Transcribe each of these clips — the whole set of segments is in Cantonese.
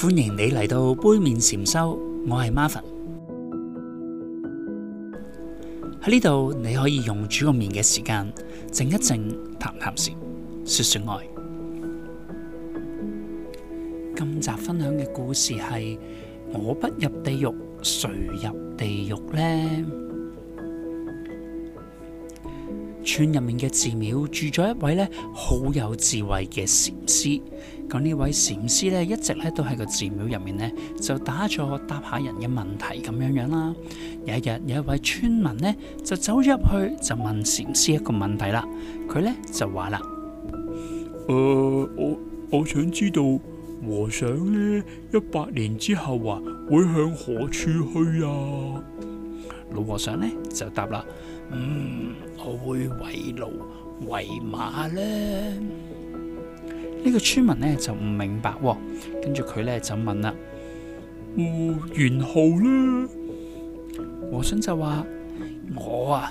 歡迎你嚟到杯麵禪修，我係 Marvin。喺呢度你可以用煮個麵嘅時間靜一靜，談談禪，說說愛。今集分享嘅故事係我不入地獄，誰入地獄呢？村入面嘅寺廟住咗一位呢好有智慧嘅禪師。咁呢位禪師咧，一直咧都喺個寺廟入面呢，就打坐答下人嘅問題咁樣樣啦。有一日，有一位村民呢，就走入去就問禪師一個問題啦，佢呢，就話啦：，誒、呃，我我想知道和尚呢，一百年之後啊，會向何處去啊？老和尚呢，就答啦：，嗯，我會喂牛喂馬呢。」呢、這個村民呢就唔明白、哦，跟住佢呢就問啦：元浩咧，和尚就話：我啊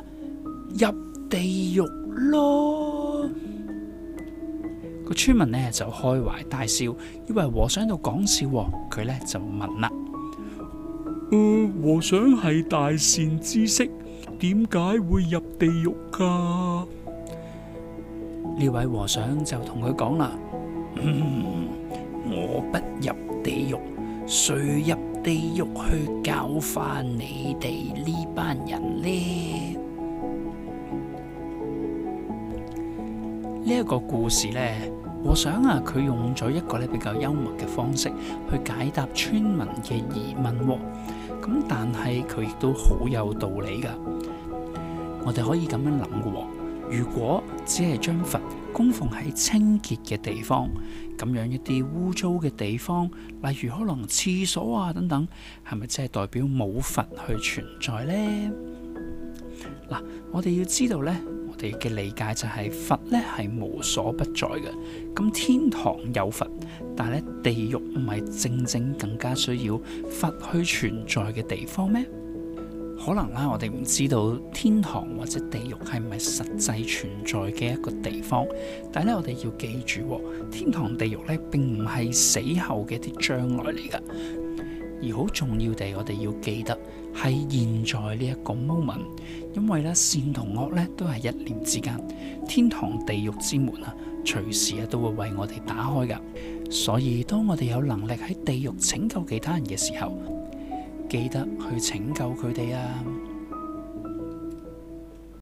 入地獄咯。這個村民呢就開懷大笑，以為和尚喺度講笑、哦。佢呢就問啦：嗯、呃，和尚係大善知識，點解會入地獄噶、啊？呢位和尚就同佢講啦。嗯，我不入地獄，誰入地獄去教返你哋呢班人呢？呢、呢、一個故事呢，我想啊，佢用咗一個呢比較幽默嘅方式去解答村民嘅疑問、啊，咁但係佢亦都好有道理㗎，我哋可以咁樣諗嘅、啊。如果只係將佛供奉喺清潔嘅地方，咁樣一啲污糟嘅地方，例如可能廁所啊等等，係咪即係代表冇佛去存在呢？嗱，我哋要知道呢，我哋嘅理解就係、是、佛呢係無所不在嘅。咁天堂有佛，但係咧地獄唔係正正更加需要佛去存在嘅地方咩？可能啦，我哋唔知道天堂或者地獄係咪實際存在嘅一個地方，但係咧，我哋要記住，天堂、地獄咧，並唔係死後嘅一啲將來嚟噶，而好重要地，我哋要記得係現在呢一個 moment，因為咧善同惡咧都係一念之間，天堂、地獄之門啊，隨時啊都會為我哋打開噶，所以當我哋有能力喺地獄拯救其他人嘅時候，記得去拯救佢哋啊！